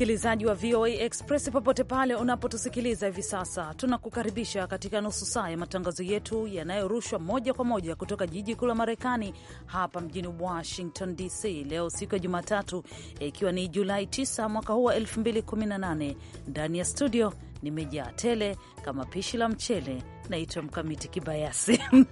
msikilizaji wa VOA Express popote pale unapotusikiliza hivi sasa, tunakukaribisha katika nusu saa ya matangazo yetu yanayorushwa moja kwa moja kutoka jiji kuu la Marekani, hapa mjini Washington DC, leo siku ya Jumatatu, ikiwa ni Julai 9 mwaka huu wa 2018. Ndani ya studio nimejaa tele kama pishi la mchele. Naitwa Mkamiti Kibayasi.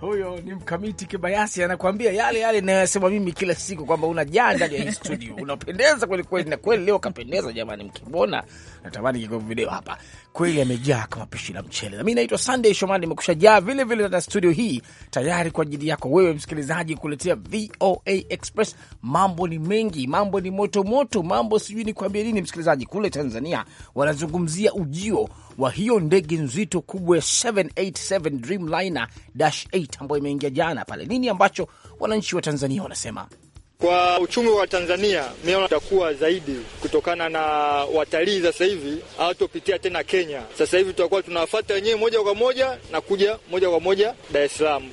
Huyo ni mkamiti kibayasi anakuambia yale yale nayosema mimi kila siku kwamba una jaa ndani ya hii studio, unapendeza kweli kweli, na kweli leo kapendeza. Jamani, mkibona natamani kikombe video hapa kweli amejaa kama pishi la mchele. Nami naitwa Sunday Shomari, nimekusha jaa vile vile na studio hii tayari kwa ajili yako wewe msikilizaji kuletea VOA Express. Mambo ni mengi, mambo ni moto moto, mambo sijui ni kuambia nini msikilizaji. Kule Tanzania wanazungumzia ujio wa hiyo ndege nzito kubwa ya 787 Dreamliner 8 ambayo imeingia jana pale. Nini ambacho wananchi wa Tanzania wanasema? Kwa uchumi wa Tanzania mimi itakuwa zaidi kutokana na watalii. Sasa hivi hawatopitia tena Kenya, sasa hivi tutakuwa tunawafata wenyewe moja kwa moja na kuja moja kwa moja Dar es Salaam.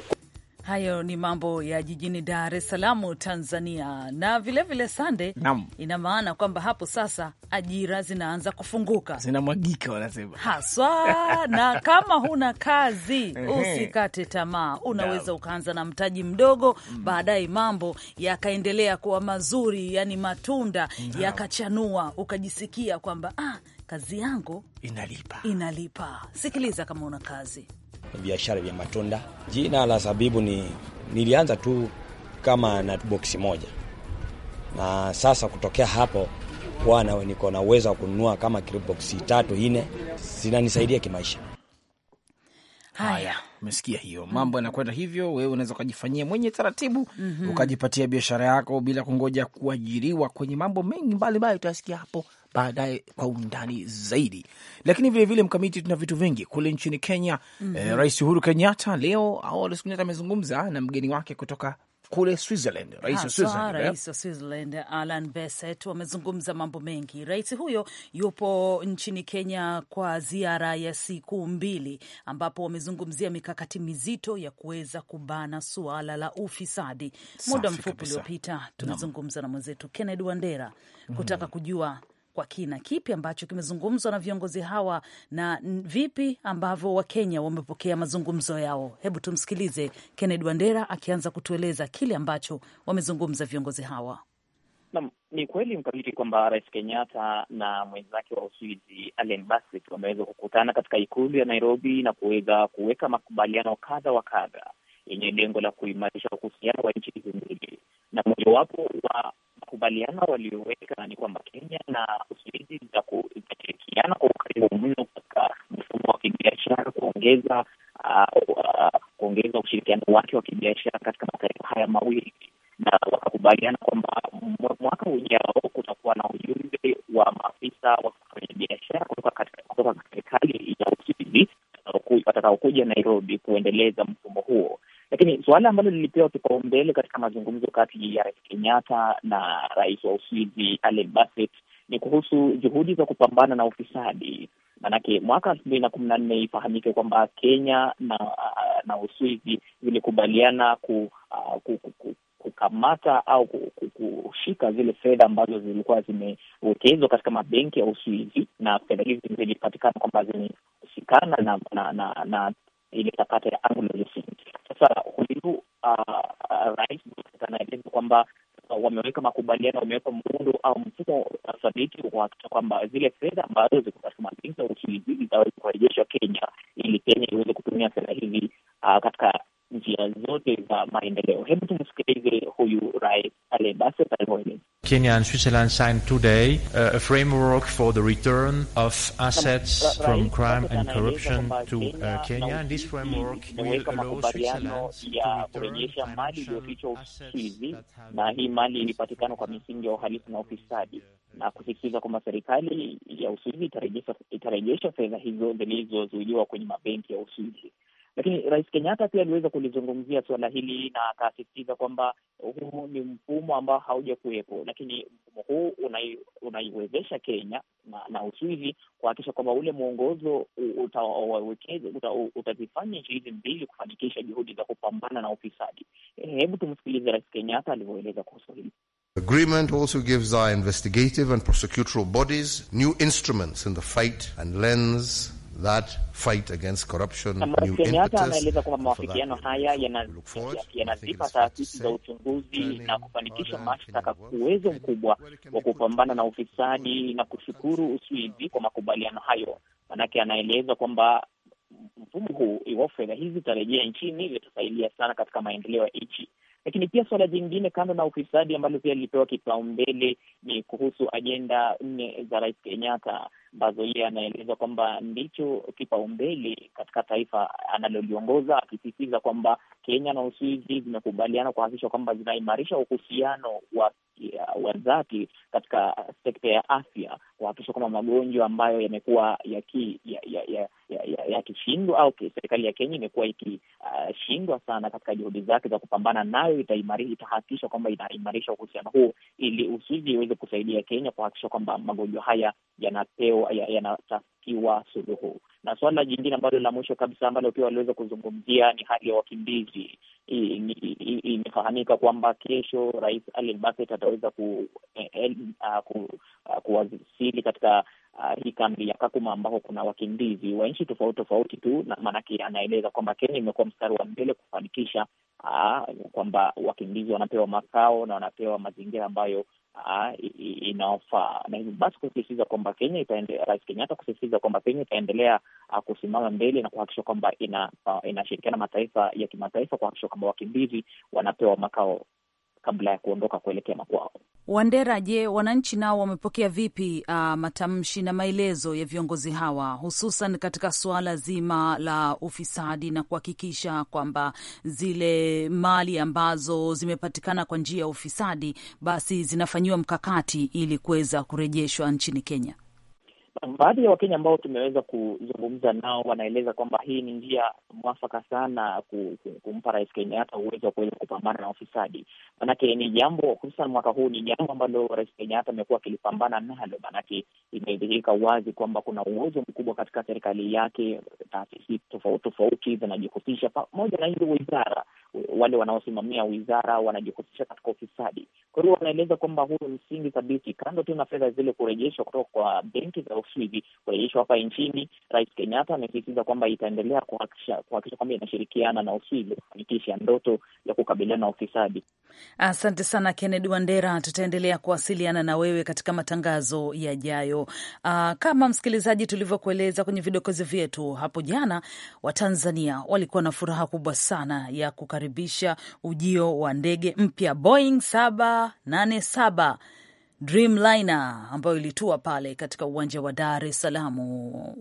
Hayo ni mambo ya jijini Dar es Salaam, Tanzania. Na vilevile Sande, ina maana kwamba hapo sasa ajira zinaanza kufunguka, zinamwagika wanasema haswa. Na kama huna kazi usikate tamaa, unaweza ukaanza na mtaji mdogo, mm. baadaye mambo yakaendelea kuwa mazuri, yani matunda yakachanua, ukajisikia kwamba ah, kazi yangu inalipa, inalipa. Sikiliza kama una kazi biashara vya matunda. Jina la zabibu ni nilianza tu kama na boksi moja, na sasa kutokea hapo bwana, niko na uwezo wa kununua kama boksi tatu nne, zinanisaidia kimaisha. Haya, umesikia hiyo mambo yanakwenda mm. Hivyo wewe unaweza ukajifanyia mwenye taratibu mm -hmm. Ukajipatia biashara yako bila kungoja kuajiriwa kwenye mambo mengi mbalimbali, utasikia hapo baadaye kwa undani zaidi. Lakini vilevile mkamiti, tuna vitu vingi kule nchini Kenya. mm -hmm. Eh, Rais Uhuru Kenyatta leo au Rais Kenyatta amezungumza na mgeni wake kutoka kule Switzerland, rais wa Switzerland, eh? rais wa Switzerland Alan Beset wamezungumza mambo mengi. Rais huyo yupo nchini Kenya kwa ziara ya siku mbili, ambapo wamezungumzia mikakati mizito ya kuweza kubana suala la ufisadi. Muda mfupi uliopita tumezungumza na mwenzetu Kennedy Wandera mhm. kutaka kujua kwa kina kipi ambacho kimezungumzwa na viongozi hawa na vipi ambavyo Wakenya wamepokea mazungumzo yao. Hebu tumsikilize Kennedy Wandera akianza kutueleza kile ambacho wamezungumza viongozi hawa. Nam, ni kweli mkamiti kwamba Rais Kenyatta na mwenzake wa Uswizi Alen Berset wameweza kukutana katika ikulu ya Nairobi na kuweza kuweka makubaliano kadha wa kadha yenye lengo la kuimarisha uhusiano wa nchi hizi mbili, na mojawapo wa makubaliano walioweka ni kwamba Kenya na Uswidi zitashirikiana kwa ukaribu mno katika mfumo wa kibiashara, kuongeza uh, kuongeza ushirikiano wake wa kibiashara katika mataifa haya mawili, na wakakubaliana kwamba mwaka ujao kutakuwa na ujumbe wa maafisa wa kufanya biashara kutoka serikali ya Uswidi watakaokuja Nairobi kuendeleza mfumo huo. Lakini suala ambalo lilipewa kipaumbele katika mazungumzo kati ya Rais Kenyatta na rais wa Uswizi Alen Berset ni kuhusu juhudi za kupambana na ufisadi. Maanake mwaka elfu mbili na kumi na nne ifahamike kwamba Kenya na na Uswizi zilikubaliana ku, uh, ku, ku, ku kukamata au kushika zile fedha ambazo zilikuwa zimewekezwa katika mabenki ya Uswizi, na fedha hizi zilipatikana kwamba zimehusikana na, na, na, na ile sakata ya Anglo Sasa uh, uh, rais anaeleza kwamba uh, wameweka makubaliano, wameweka muundo au mfumo thabiti wa kuhakikisha kwamba zile fedha ambazo ziko katika mabinza ukilizidi zitaweza kurejeshwa Kenya ili Kenya iweze kutumia fedha hizi katika njia zote za maendeleo. Hebu tumsikilize huyu rais Alebase alivyoeleza. Kenya and Switzerland signed today uh, a framework for the return of assets from crime and corruption to uh, Kenya. And this framework will allow Switzerland ya kurejesha na kusisitiza kwamba serikali ya Uswizi itarejesha fedha hizo zilizozuiliwa kwenye mabenki ya Uswizi. Lakini Rais Kenyatta pia aliweza kulizungumzia suala hili na akasisitiza kwamba huu ni mfumo ambao haujakuwepo, lakini mfumo huu unai, unaiwezesha Kenya na, na Uswizi kuhakikisha kwamba ule mwongozo utazifanya uta, nchi hizi mbili kufanikisha juhudi za kupambana na ufisadi. Eh, hebu tumsikilize Rais Kenyatta alivyoeleza kuhusu hili. Agreement also gives our investigative and prosecutorial bodies new instruments in the fight and lends that fight against corruption new Kenyatta anaeleza kwamba mawafikiano haya yanazipa taasisi za uchunguzi na kufanikisha mashtaka uwezo mkubwa wa kupambana na ufisadi na kushukuru Uswizi kwa makubaliano hayo. Manake anaeleza kwamba mfumo huu, iwapo fedha hizi zitarejea nchini, zitasaidia sana katika maendeleo ya nchi. Lakini pia suala jingine kando na ufisadi ambalo pia lilipewa kipaumbele ni kuhusu ajenda nne za Rais Kenyatta ambazo yeye anaeleza kwamba ndicho kipaumbele katika taifa analoliongoza, akisisitiza kwamba Kenya na Uswizi zimekubaliana kuhakikisha kwamba zinaimarisha uhusiano wa wa katika sekta ya afya kuhakikisha kwamba magonjwa ambayo yamekuwa yakishindwa ya, ya, ya, ya, ya au serikali ya Kenya imekuwa ikishindwa ah, uh, sana katika juhudi zake za kupambana nayo, itahakikisha kwamba inaimarisha uhusiano huo ili usiji iweze kusaidia Kenya kuhakikisha kwamba magonjwa haya yanapewa yanatafuta kufikiwa suluhu. Na suala jingine ambalo la mwisho kabisa ambalo pia waliweza kuzungumzia ni hali ya wakimbizi. Imefahamika kwamba kesho Rais Alin ataweza ku, eh, uh, ku, uh, kuwasili katika uh, hii kambi ya Kakuma ambako kuna wakimbizi wa nchi tofauti tofauti tu, na maanake anaeleza kwamba Kenya imekuwa mstari wa mbele kufanikisha kwamba wakimbizi wanapewa makao na wanapewa mazingira ambayo Uh, inaofaa na hivyo basi kusisitiza kwamba Kenya itaendelea, Rais Kenyatta kusisitiza kwamba Kenya itaendelea uh, kusimama mbele na kuhakikisha kwamba uh, inashirikiana mataifa ya kimataifa kuhakikisha kwamba wakimbizi wanapewa makao kabla ya kuondoka kuelekea makwao. Wandera, je, wananchi nao wamepokea vipi uh, matamshi na maelezo ya viongozi hawa hususan katika suala zima la ufisadi na kuhakikisha kwamba zile mali ambazo zimepatikana kwa njia ya ufisadi basi zinafanyiwa mkakati ili kuweza kurejeshwa nchini Kenya? baadhi ya Wakenya ambao tumeweza kuzungumza nao wanaeleza kwamba hii ni njia mwafaka sana kumpa Rais Kenyatta uwezo wa kuweza kupambana na ufisadi. Maanake ni jambo hususan mwaka huu, ni jambo ambalo Rais Kenyatta amekuwa akilipambana nalo, maanake imedhihirika wazi kwamba kuna uozo mkubwa katika serikali yake. Taasisi tofauti tofauti zinajihusisha pamoja na hizo wizara wale wanaosimamia wizara wanajihusisha katika ufisadi. Kwa hiyo wanaeleza kwamba huu ni msingi thabiti, kando tu na fedha zile kurejeshwa kutoka kwa benki za Uswizi kurejeshwa hapa nchini. Rais Kenyatta amesisitiza kwamba itaendelea kuhakikisha kwamba inashirikiana na Uswizi kufanikisha ndoto ya kukabiliana na ufisadi. Asante sana Kennedy Wandera, tutaendelea kuwasiliana na wewe katika matangazo yajayo. Uh, kama msikilizaji, tulivyokueleza kwenye vidokezo vyetu hapo jana, Watanzania walikuwa na furaha kubwa sana ya kukari kukaribisha ujio wa ndege mpya Boeing 787 Dreamliner ambayo ilitua pale katika uwanja wa Dar es Salaam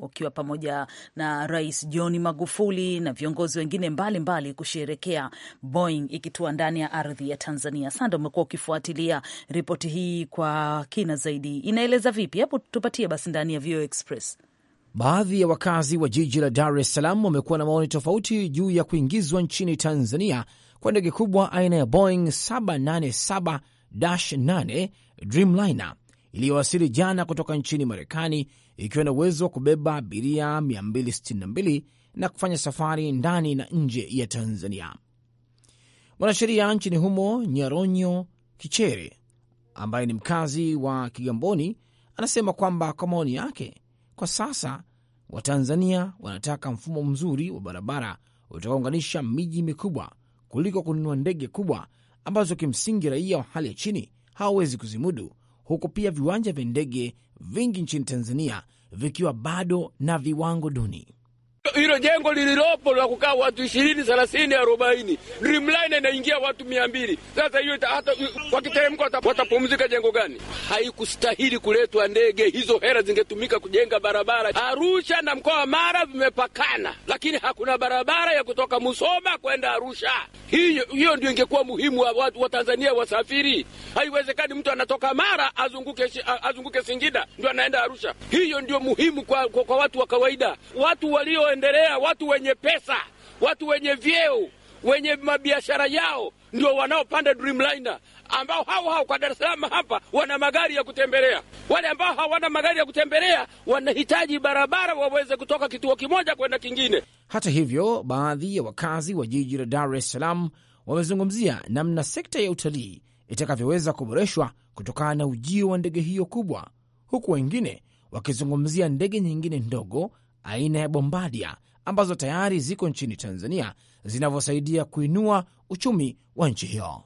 ukiwa pamoja na Rais John Magufuli na viongozi wengine mbalimbali kusherekea Boeing ikitua ndani ya ardhi ya Tanzania. Sanda, umekuwa ukifuatilia ripoti hii kwa kina zaidi, inaeleza vipi? Hapo tupatie basi ndani ya VOA Express. Baadhi ya wakazi wa jiji la Dar es Salaam wamekuwa na maoni tofauti juu ya kuingizwa nchini Tanzania kwa ndege kubwa aina ya Boeing 787-8 Dreamliner iliyowasili jana kutoka nchini Marekani ikiwa na uwezo wa kubeba abiria 262 na kufanya safari ndani na nje ya Tanzania. Mwanasheria nchini humo Nyaronyo Kichere ambaye ni mkazi wa Kigamboni anasema kwamba kwa maoni yake kwa sasa Watanzania wanataka mfumo mzuri wa barabara utakaounganisha miji mikubwa kuliko kununua ndege kubwa ambazo kimsingi raia wa hali ya chini hawawezi kuzimudu, huku pia viwanja vya ndege vingi nchini Tanzania vikiwa bado na viwango duni hilo jengo lililopo la kukaa watu ishirini, thelathini, arobaini, Dreamline inaingia watu mia mbili. Sasa hiyo hata wakiteremka watapumzika jengo gani? Haikustahili kuletwa ndege hizo, hela zingetumika kujenga barabara. Arusha na mkoa wa Mara vimepakana, lakini hakuna barabara ya kutoka Musoma kwenda Arusha. Hiyo hiyo ndio ingekuwa muhimu wa watu wa Tanzania wasafiri. Haiwezekani mtu anatoka Mara azunguke azunguke Singida ndio anaenda Arusha. Hiyo ndio muhimu kwa, kwa, kwa watu wa kawaida, watu walioenda kuendelea, watu wenye pesa, watu wenye vyeo, wenye mabiashara yao ndio wanaopanda Dreamliner, ambao hao hao kwa Dar es Salaam hapa wana magari ya kutembelea. Wale ambao hawana magari ya kutembelea wanahitaji barabara waweze kutoka kituo kimoja kwenda kingine. Hata hivyo, baadhi ya wakazi wa jiji la Dar es Salaam wamezungumzia namna sekta ya utalii itakavyoweza kuboreshwa kutokana na ujio wa ndege hiyo kubwa, huku wengine wakizungumzia ndege nyingine ndogo aina ya bombadia ambazo tayari ziko nchini Tanzania zinavyosaidia kuinua uchumi wa nchi hiyo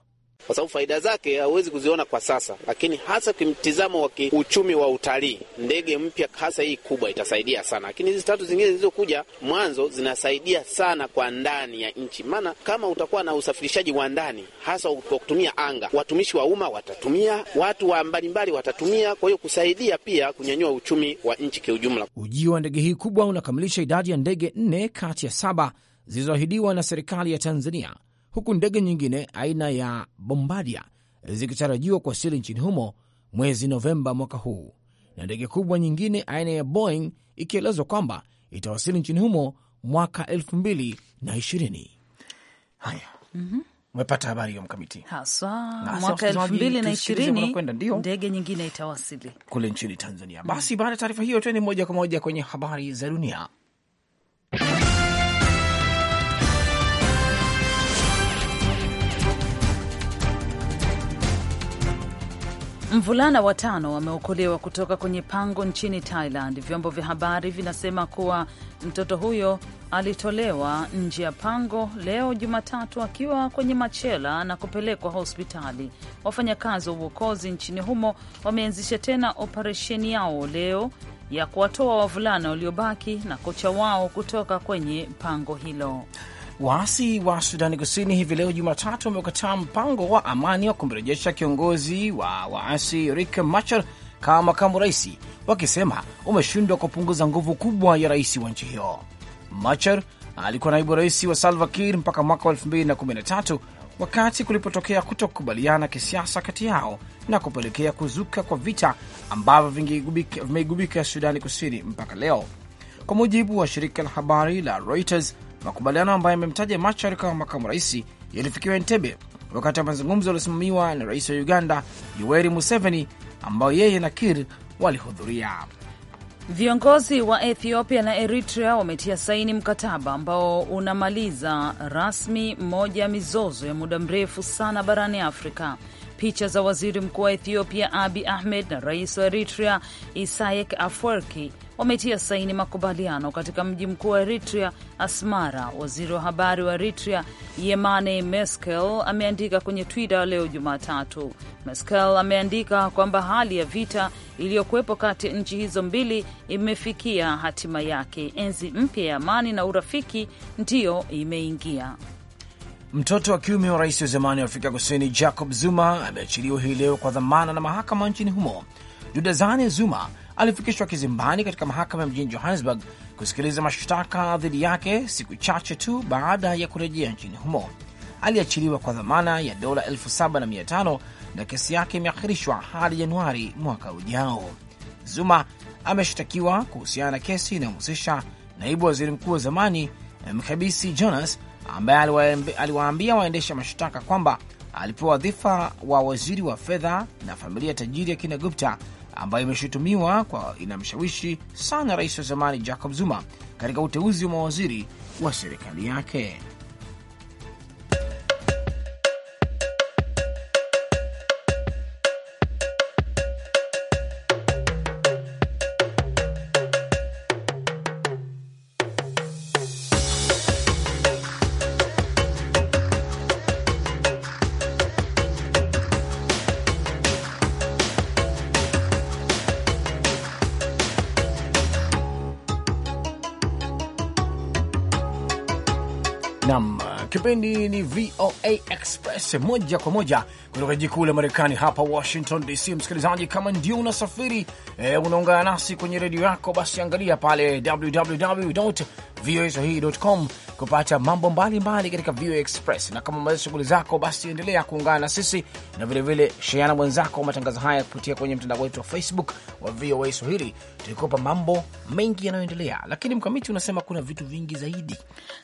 kwa sababu faida zake hauwezi kuziona kwa sasa, lakini hasa kimtizamo wa kiuchumi wa utalii, ndege mpya hasa hii kubwa itasaidia sana. Lakini hizi tatu zingine zilizokuja mwanzo zinasaidia sana kwa ndani ya nchi, maana kama utakuwa na usafirishaji wa ndani, hasa kwa kutumia anga, watumishi wa umma watatumia, watu wa mbalimbali watatumia, kwa hiyo kusaidia pia kunyanyua uchumi wa nchi kiujumla. Ujio wa ndege hii kubwa unakamilisha idadi ya ndege nne kati ya saba zilizoahidiwa na serikali ya Tanzania huku ndege nyingine aina ya bombadia zikitarajiwa kuwasili nchini humo mwezi Novemba mwaka huu na ndege kubwa nyingine aina ya Boeing ikielezwa kwamba itawasili nchini humo mwaka elfu mbili na ishirini. Haya, mm-hmm. habari hiyo Mkamiti? Haswa mwaka elfu mbili na ishirini ndege nyingine itawasili kule nchini Tanzania. Mm. Basi, baada ya taarifa hiyo, twende moja kwa moja kwenye habari za dunia. Mvulana watano wameokolewa kutoka kwenye pango nchini Thailand. Vyombo vya habari vinasema kuwa mtoto huyo alitolewa nje ya pango leo Jumatatu akiwa kwenye machela na kupelekwa hospitali. Wafanyakazi wa uokozi nchini humo wameanzisha tena operesheni yao leo ya kuwatoa wavulana waliobaki na kocha wao kutoka kwenye pango hilo. Waasi wa Sudani Kusini hivi leo Jumatatu wamekataa mpango wa amani wa kumrejesha kiongozi wa waasi Riek Machar kama makamu rais, wakisema umeshindwa kupunguza nguvu kubwa ya rais wa nchi hiyo. Machar alikuwa naibu rais wa Salva Kiir mpaka mwaka wa 2013 wakati kulipotokea kutokubaliana kisiasa kati yao na kupelekea kuzuka kwa vita ambavyo vimeigubika Sudani Kusini mpaka leo, kwa mujibu wa shirika la habari la Reuters. Makubaliano ambayo yamemtaja Machar kama makamu raisi yalifikiwa Entebe wakati wa mazungumzo yaliosimamiwa na rais wa Uganda Yoweri Museveni, ambayo yeye na Kir walihudhuria. Viongozi wa Ethiopia na Eritrea wametia saini mkataba ambao unamaliza rasmi moja ya mizozo ya muda mrefu sana barani Afrika. Picha za waziri mkuu wa Ethiopia Abi Ahmed na rais wa Eritrea Isaias Afwerki wametia saini makubaliano katika mji mkuu wa Eritrea, Asmara. Waziri wa habari wa Eritrea Yemane Meskel ameandika kwenye Twitter leo Jumatatu. Meskel ameandika kwamba hali ya vita iliyokuwepo kati ya nchi hizo mbili imefikia hatima yake. Enzi mpya ya amani na urafiki ndiyo imeingia. Mtoto wa kiume wa rais wa zamani wa Afrika Kusini Jacob Zuma ameachiliwa hii leo kwa dhamana na mahakama nchini humo. Dudazane Zuma alifikishwa kizimbani katika mahakama ya mjini Johannesburg kusikiliza mashtaka dhidi yake siku chache tu baada ya kurejea nchini humo. Aliachiliwa kwa dhamana ya dola elfu saba na mia tano na kesi yake imeakhirishwa hadi Januari mwaka ujao. Zuma ameshtakiwa kuhusiana na kesi inayohusisha naibu waziri mkuu wa zamani eh, Mkhabisi Jonas ambaye aliwaambia waendesha mashtaka kwamba alipewa wadhifa wa waziri wa fedha na familia tajiri ya kina Gupta ambayo imeshutumiwa kwa inamshawishi sana rais wa zamani Jacob Zuma katika uteuzi wa mawaziri wa serikali yake. Kipindi ni VOA Express moja kwa moja kutoka jiji kuu la Marekani hapa Washington DC. Msikilizaji, kama ndio unasafiri e, unaungana nasi kwenye redio yako, basi angalia pale www voaswahili.com kupata mambo mbalimbali katika VOA Express. Na kama umaliza shughuli zako, basi endelea kuungana na sisi na vilevile sheana mwenzako matangazo haya kupitia kwenye mtandao wetu wa Facebook wa VOA Swahili, tukikupa mambo mengi yanayoendelea. Lakini Mkamiti unasema kuna vitu vingi zaidi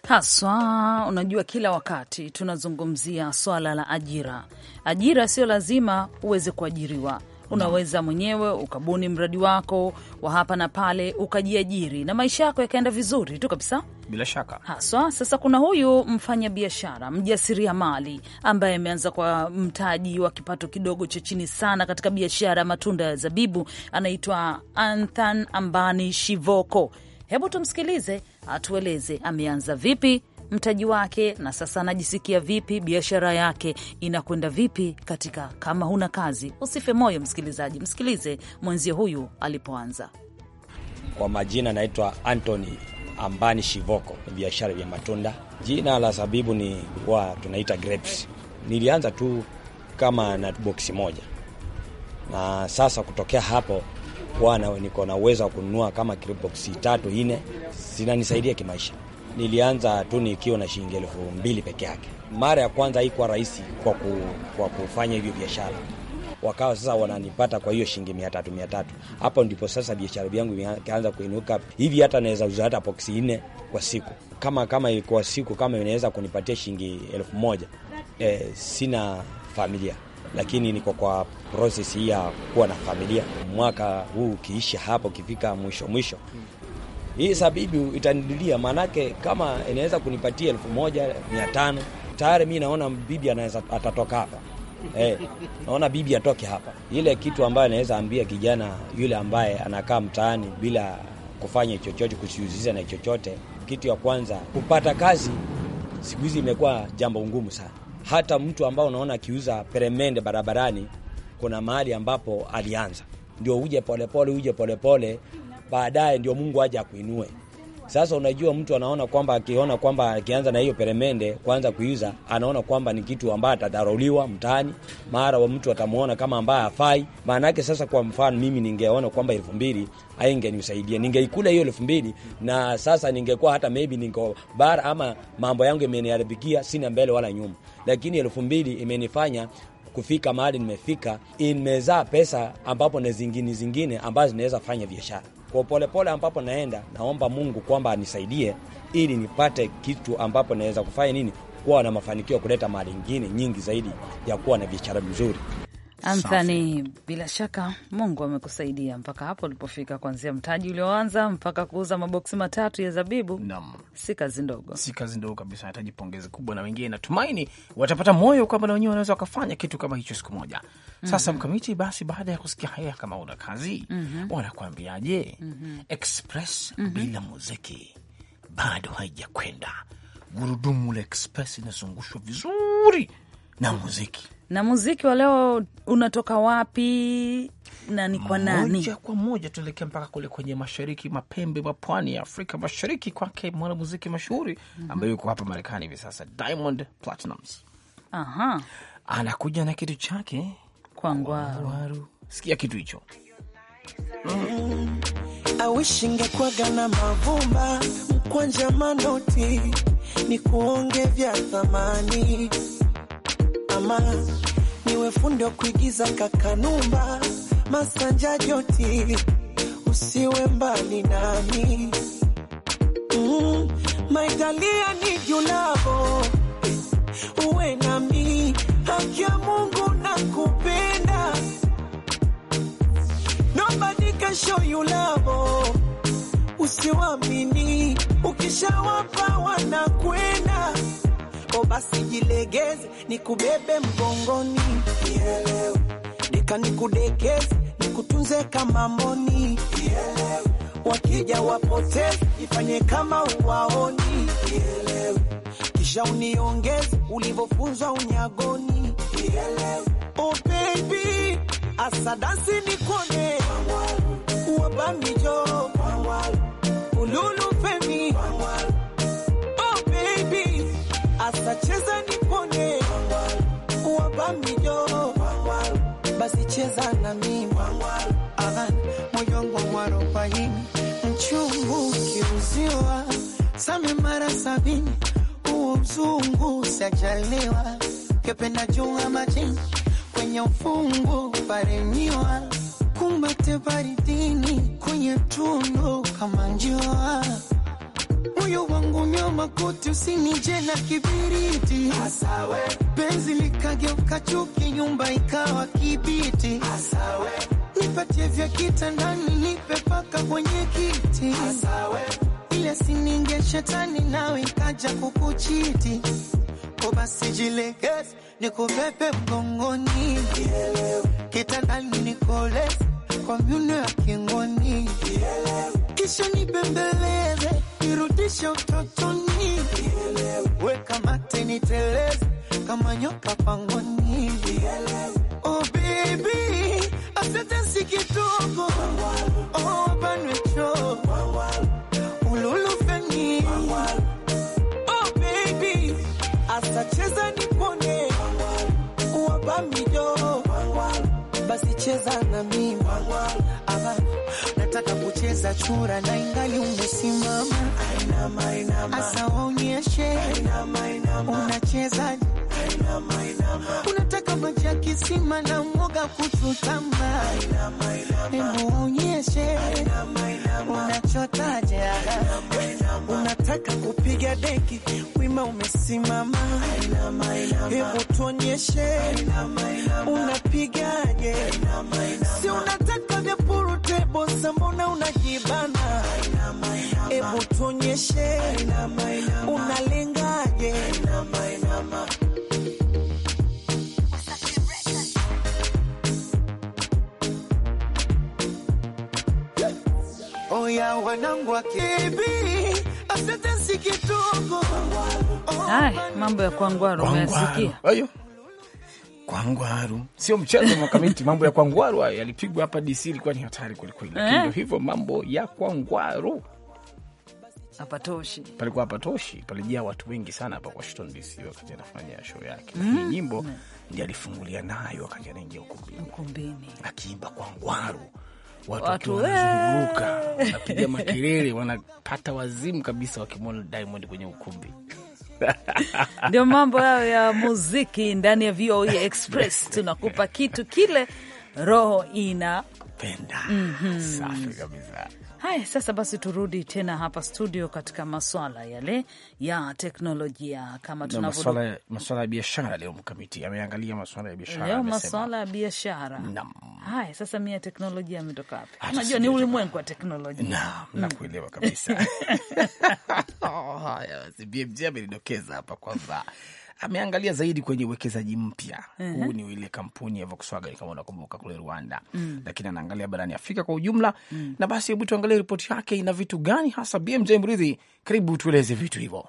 haswa. Unajua, kila wakati tunazungumzia swala la ajira. Ajira sio lazima uweze kuajiriwa Unaweza mwenyewe ukabuni mradi wako wa hapa na pale, ukajiajiri na maisha yako yakaenda vizuri tu kabisa. Bila shaka haswa. Sasa kuna huyu mfanya biashara mjasiriamali ambaye ameanza kwa mtaji wa kipato kidogo cha chini sana katika biashara ya matunda ya zabibu, anaitwa Anthan Ambani Shivoko. Hebu tumsikilize, atueleze ameanza vipi mtaji wake na sasa anajisikia vipi, biashara yake inakwenda vipi katika kama huna kazi. Usife moyo msikilizaji, msikilize mwenzie huyu alipoanza. Kwa majina naitwa Antony Ambani Shivoko, biashara vya matunda, jina la sabibu ni wa tunaita grapes. Nilianza tu kama na boksi moja, na sasa kutokea hapo wana niko na uwezo wa kununua kama boksi tatu ine zinanisaidia kimaisha nilianza tu nikiwa na shilingi elfu mbili peke yake. Mara ya kwanza haikuwa rahisi kwa, ku, kwa kufanya hivyo biashara, wakawa sasa wananipata kwa hiyo shilingi mia tatu mia tatu. Hapo ndipo sasa biashara yangu ikaanza kuinuka hivi, hata naweza uza hata boksi nne kwa siku. Kama kama kwa siku kama inaweza kunipatia shilingi elfu moja E, sina familia lakini niko kwa proses hii ya kuwa na familia. Mwaka huu ukiisha hapo, ukifika mwisho mwisho, hii zabibu itanidilia, maanake kama inaweza kunipatia elfu moja mia tano tayari mi naona bibi anaweza atatoka hapa. eh, naona bibi atoke hapa. Ile kitu ambayo anaweza ambia kijana yule ambaye anakaa mtaani bila kufanya chochote, kusiuziza na chochote, kitu ya kwanza kupata kazi siku hizi imekuwa jambo ngumu sana. Hata mtu ambao unaona akiuza peremende barabarani, kuna mahali ambapo alianza, ndio uje polepole, uje polepole baadaye ndio Mungu aje akuinue. Sasa unajua, mtu anaona kwamba akiona kwamba akianza na hiyo peremende kuanza kuiuza, anaona kwamba ni kitu ambaye atadharauliwa mtaani, mara wa mtu atamwona kama ambaye hafai. Maana yake sasa, kwa mfano mimi ningeona kwamba elfu mbili aingenisaidia, ningeikula hiyo elfu mbili na sasa ningekuwa hata maybe ningo bara ama mambo yangu imeniharibikia, sina mbele wala nyuma, lakini elfu mbili imenifanya kufika mahali nimefika, imezaa pesa ambapo na zingine zingine ambazo zinaweza fanya biashara kwa upolepole ambapo naenda, naomba Mungu kwamba anisaidie ili nipate kitu ambapo naweza kufanya nini, kuwa na mafanikio, kuleta mali nyingine nyingi zaidi ya kuwa na biashara mzuri. Anthony, bila shaka Mungu amekusaidia mpaka hapo ulipofika, kuanzia mtaji ulioanza mpaka kuuza maboksi matatu ya zabibu. Naam, si kazi ndogo, si kazi ndogo kabisa, nahitaji pongezi kubwa, na wengine natumaini watapata moyo kwamba na wenyewe wanaweza wakafanya kitu kama hicho siku moja. Mhm. Sasa mm -hmm. Mkamiti, basi baada ya kusikia haya, kama una kazi mm -hmm. wanakuambiaje? mm -hmm. Express mm -hmm. bila muziki bado haijakwenda. Gurudumu la express inazungushwa vizuri na muziki na muziki wa leo unatoka wapi na ni kwa nani? Moja kwa moja tuelekea mpaka kule kwenye mashariki mapembe mwa pwani ya Afrika Mashariki, kwake mwanamuziki mashuhuri mm -hmm. ambaye yuko hapa Marekani hivi sasa, Diamond Platnumz. Aha, anakuja na kitu chake kwa ngwaru. Sikia kitu hicho mm mama, niwe fundi wa kuigiza Kakanumba Masanja Joti, usiwe mbali nami mm, need ni julavo uwe nami, haki ya Mungu na kupenda nobody can show you love, usiwamini ukishawapa wanakwenda basi jilegeze, nikubebe mgongoni, nielewe nika nikudekeze, nikutunze kama moni, wakija wapoteze, ifanye kama uwaoni, kisha uniongeze ulivyofunzwa unyagoni, nielewe oh baby asadasi nikone wabamijo ululufeni asacheza nipone uwabamijo basi cheza na mimi moyongo mwarobaini mchungu kiuziwa same mara sabini uo mzungu sajaliwa kependa jua majini kwenye ufungu pareniwa kumbate baridini kwenye tundu kama njua moyo wangu nyo makuti, usinije na kibiriti, asawe penzi likageuka chuki, nyumba ikawa kibiti, asawe nipatie vya kitandani, nipe paka kwenye kiti, asawe ile sininge shetani, nawe ikaja kukuchiti, basi jilegeze nikubebe mgongoni, kitandani nikoleze kwa myuno ya kingoni, kisha nibembeleze Nirudishe utotoni, weka mate niteleze kama nyoka pangoni. Oh baby, asante si kidogo, oh banwecho ululufeni. Oh baby, asacheza nipone bamido, basi cheza na mimi unataka kucheza chura na ingali umesimama, hasa waonyeshe unacheza, unataka maji ya kisima na mwoga kuchutama, hebu waonyeshe unachotaje, unataka kupiga deki wima umesimama, hebu tuonyeshe unapigaje, si unataka vya Nipe bosa, unajibana? Ebu tuonyeshe unalengaje? Oya wanangu wa kibi, asante si kidogo. mambo ya kwangwaru umesikia? Kwangwaru sio mchezo mwakamiti. Mambo ya kwangwaru hayo yalipigwa hapa DC, ilikuwa ni hatari kwelikweli, lakini eh? ndio hivyo mambo ya kwangwaru Hapatoshi, palikuwa hapatoshi, palijaa watu wengi sana hapa Washington DC wakati anafanya show yake, mm, lakini nyimbo mm, mm-hmm. ndiyo alifungulia nayo wakati anaingia ukumbini akiimba kwangwaru, watu wakiwa wanazunguka wanapiga makelele, wanapata wazimu kabisa wakimwona Diamond kwenye ukumbi ndio mambo hayo ya muziki ndani ya VOA e Express, tunakupa kitu kile roho inapenda. mm -hmm. Safi kabisa. Haya, sasa basi turudi tena hapa studio katika maswala yale ya teknolojia kama tunavyo maswala ya biashara leo. Mkamiti ameangalia maswala ya biashara leo, maswala ya biashara naam. Haya, sasa mia teknolojia ametoka wapi? Unajua ni ulimwengu wa teknolojia. Naam, mm. nakuelewa kabisa. Oh, haya, basi BMJ amenidokeza hapa kwamba ameangalia zaidi kwenye uwekezaji mpya uh -huh. Huu ni ile kampuni ya Volkswagen kama unakumbuka kule Rwanda mm. Lakini anaangalia barani Afrika kwa ujumla mm. Na basi hebu tuangalie ripoti yake ina vitu gani hasa. BMJ Mridhi, karibu tueleze vitu hivyo.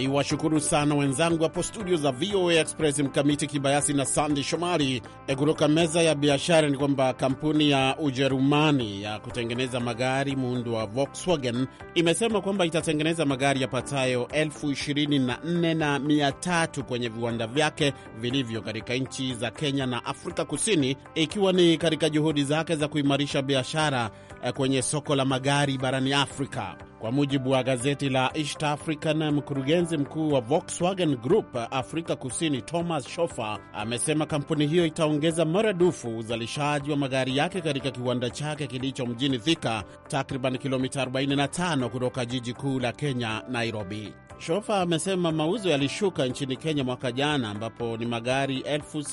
ni washukuru sana wenzangu hapo studio za VOA Express, Mkamiti Kibayasi na Sandi Shomari. E, kutoka meza ya biashara ni kwamba kampuni ya Ujerumani ya kutengeneza magari muundo wa Volkswagen imesema kwamba itatengeneza magari yapatayo elfu ishirini na nne na mia tatu kwenye viwanda vyake vilivyo katika nchi za Kenya na Afrika Kusini, ikiwa ni katika juhudi zake za kuimarisha biashara e, kwenye soko la magari barani Afrika. Kwa mujibu wa gazeti la East African, mkurugenzi mkuu wa Volkswagen Group Afrika Kusini Thomas Shofa amesema kampuni hiyo itaongeza maradufu uzalishaji wa magari yake katika kiwanda chake kilicho mjini Thika, takriban kilomita 45 kutoka jiji kuu la Kenya, Nairobi. Shofa amesema mauzo yalishuka nchini Kenya mwaka jana, ambapo ni magari elfu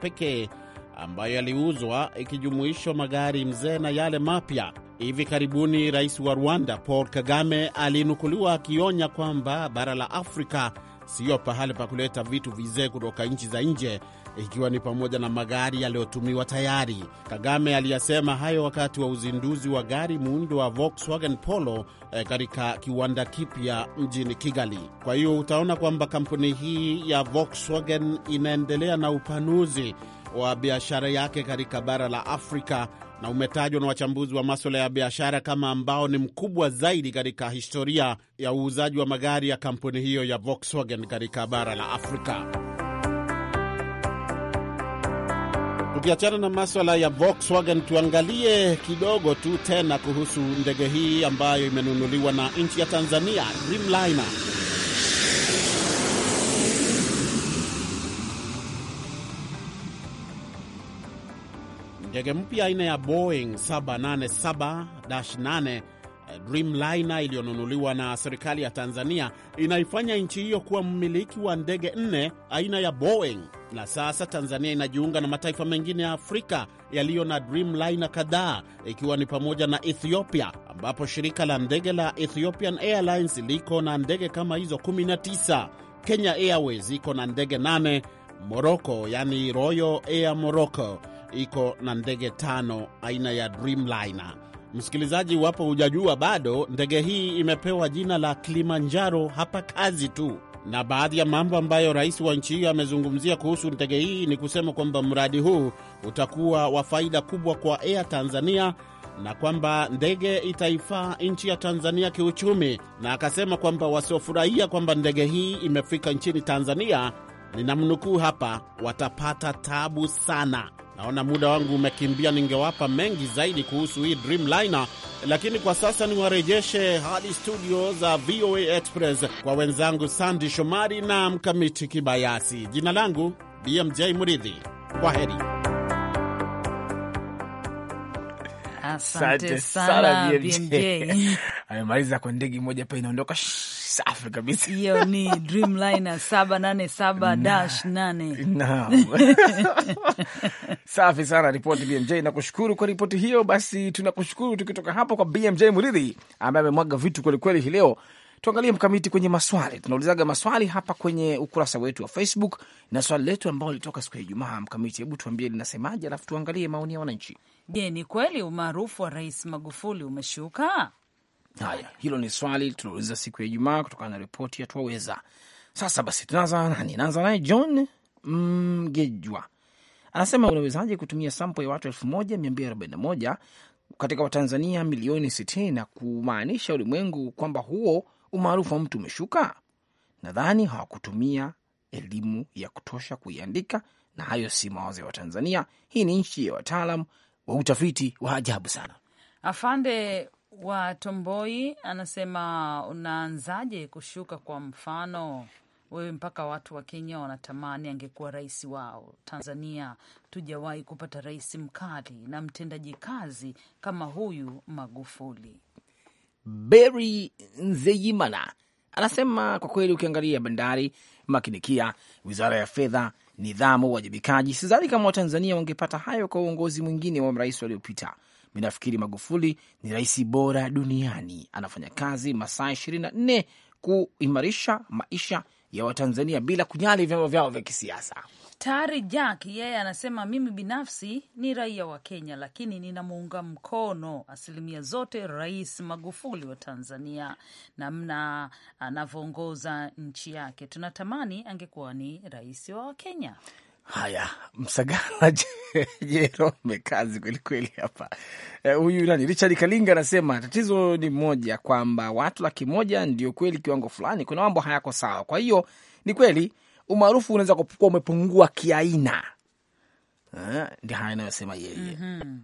pekee ambayo yaliuzwa ikijumuishwa magari mzee na yale mapya. Hivi karibuni rais wa Rwanda Paul Kagame alinukuliwa akionya kwamba bara la Afrika siyo pahali pa kuleta vitu vizee kutoka nchi za nje, ikiwa ni pamoja na magari yaliyotumiwa tayari. Kagame aliyasema hayo wakati wa uzinduzi wa gari muundo wa Volkswagen Polo eh, katika kiwanda kipya mjini Kigali. Kwa hiyo utaona kwamba kampuni hii ya Volkswagen inaendelea na upanuzi wa biashara yake katika bara la Afrika na umetajwa na wachambuzi wa maswala ya biashara kama ambao ni mkubwa zaidi katika historia ya uuzaji wa magari ya kampuni hiyo ya Volkswagen katika bara la Afrika. Tukiachana na maswala ya Volkswagen, tuangalie kidogo tu tena kuhusu ndege hii ambayo imenunuliwa na nchi ya Tanzania, Dreamliner. Ndege mpya aina ya Boeing 787-8 eh, Dreamliner iliyonunuliwa na serikali ya Tanzania inaifanya nchi hiyo kuwa mmiliki wa ndege nne aina ya Boeing, na sasa Tanzania inajiunga na mataifa mengine ya Afrika yaliyo na Dreamliner kadhaa ikiwa ni pamoja na Ethiopia, ambapo shirika la ndege la Ethiopian Airlines liko na ndege kama hizo 19. Kenya Airways iko na ndege 8. Morocco, yani Royal Air Morocco iko na ndege tano aina ya Dreamliner. Msikilizaji, iwapo hujajua bado, ndege hii imepewa jina la Kilimanjaro hapa kazi tu na baadhi ya mambo ambayo rais wa nchi hiyo amezungumzia kuhusu ndege hii ni kusema kwamba mradi huu utakuwa wa faida kubwa kwa Air Tanzania na kwamba ndege itaifaa nchi ya Tanzania kiuchumi, na akasema kwamba wasiofurahia kwamba ndege hii imefika nchini Tanzania, ninamnukuu hapa, watapata tabu sana. Naona muda wangu umekimbia, ningewapa mengi zaidi kuhusu hii Dreamliner, lakini kwa sasa niwarejeshe hadi studio za VOA Express kwa wenzangu Sandi Shomari na Mkamiti Kibayasi. Jina langu BMJ Muridhi, kwa heri. Asante sana BMJ. Amemaliza kwa ndege moja pa inaondoka safi kabisa. Hiyo ni Dreamliner 787-8. Safi sana ripoti BMJ, nakushukuru kwa ripoti hiyo. Basi tunakushukuru tukitoka hapo kwa BMJ Muridhi ambaye amemwaga vitu kwelikweli hii leo tuangalie mkamiti kwenye maswali. Tunaulizaga maswali hapa kwenye ukurasa wetu wa Facebook, na swali letu ambalo lilitoka siku ya Ijumaa, Mkamiti, hebu tuambie linasemaje, alafu tuangalie maoni ya wananchi. Je, ni kweli umaarufu wa Rais Magufuli umeshuka? Haya, hilo ni swali tunauliza siku ya Ijumaa kutokana na ripoti ya Twaweza. Sasa basi, tunaanza nani? Naanza naye John Mgejwa, anasema unawezaje kutumia sampo ya watu elfu moja mia mbili moja katika Watanzania milioni sitini na kumaanisha ulimwengu kwamba huo umaarufu wa mtu umeshuka? Nadhani hawakutumia elimu ya kutosha kuiandika, na hayo si mawazo ya Watanzania. Hii ni nchi ya wataalam wa utafiti wa ajabu sana. Afande wa Tomboi anasema unaanzaje kushuka? Kwa mfano wewe, mpaka watu wa Kenya wanatamani angekuwa rais wao. Tanzania tujawahi kupata rais mkali na mtendaji kazi kama huyu Magufuli. Beri Nzeyimana anasema kwa kweli, ukiangalia bandari, makinikia, wizara ya fedha, nidhamu, uwajibikaji, sidhani kama Watanzania wangepata hayo kwa uongozi mwingine wa rais waliopita. Minafikiri Magufuli ni rais bora duniani, anafanya kazi masaa ishirini na nne kuimarisha maisha ya Watanzania bila kujali vyama vyao vya kisiasa. Tayari Jack yeye yeah, anasema mimi binafsi ni raia wa Kenya, lakini ninamuunga mkono asilimia zote Rais Magufuli wa Tanzania, namna anavyoongoza nchi yake. Tunatamani angekuwa ni rais wa Wakenya. Haya, Msagala Jerome, kazi kwelikweli hapa. Eh, huyu nani, Richard Kalinga anasema tatizo ni moja, kwamba watu laki moja ndio kweli, kiwango fulani kuna mambo hayako sawa. Kwa hiyo ni kweli umaarufu unaweza kuwa umepungua kiaina. Eh, ndio haya anayosema yeye. mm -hmm.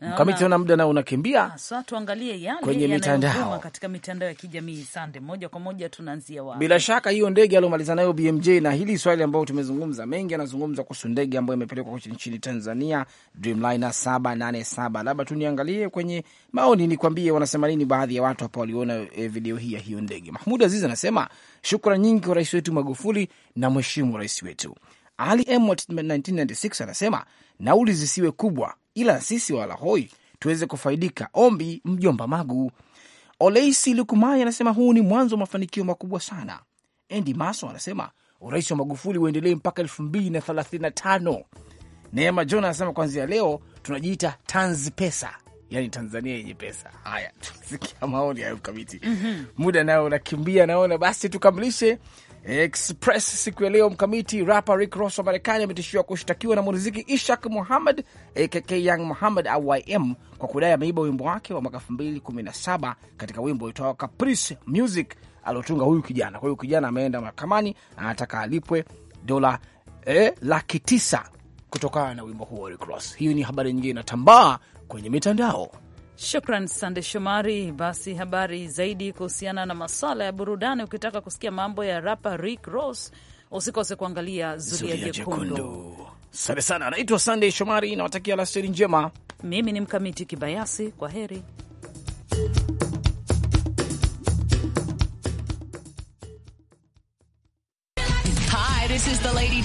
Mkamiti, ona muda nao unakimbia. Sasa tuangalie yale kwenye mitandao, katika mitandao ya kijamii sande. Moja kwa moja tunaanzia wapi? Bila shaka hiyo ndege aliomaliza nayo BMJ na hili swali ambayo tumezungumza mengi, anazungumza kuhusu ndege ambayo imepelekwa nchini Tanzania Dreamliner 787. Labda tuniangalie kwenye maoni, nikwambie wanasema nini baadhi ya watu hapa waliona eh, video hii ya hiyo ndege. Mahmud Aziz anasema shukrani nyingi kwa rais wetu Magufuli na mheshimu rais wetu ali M 1996 anasema nauli zisiwe kubwa, ila sisi walahoi tuweze kufaidika. Ombi mjomba Magu. Oleisi Lukumai anasema huu ni mwanzo wa mafanikio makubwa sana. Endi Maso anasema urais wa Magufuli uendelee mpaka elfu mbili na thelathini na tano. Neema Jona anasema kwanzia leo tunajiita Tanz Pesa, yani Tanzania yenye pesa. Haya, tusikia maoni hayo Mkamiti. mm -hmm. Muda nao unakimbia, naona basi tukamilishe Express siku ya leo, mkamiti rapa Rick Ross wa Marekani ametishiwa kushtakiwa na mwanamuziki Ishak Muhammad akk Young Muhammad au YM kwa kudai ameiba wimbo wake wa mwaka 2017 katika wimbo uitwao Caprice Music aliotunga huyu kijana. Kwa hiyo kijana ameenda mahakamani, anataka alipwe dola eh, laki tisa kutokana na wimbo huo wa Rick Ross. Hiyo ni habari nyingine inatambaa kwenye mitandao. Shukran Sande Shomari. Basi habari zaidi kuhusiana na maswala ya burudani, ukitaka kusikia mambo ya rapa Rick Ross usikose kuangalia Zulia Jekundu. sante sana, anaitwa Sande Shomari. Nawatakia alasiri njema. Mimi ni Mkamiti Kibayasi, kwa heri.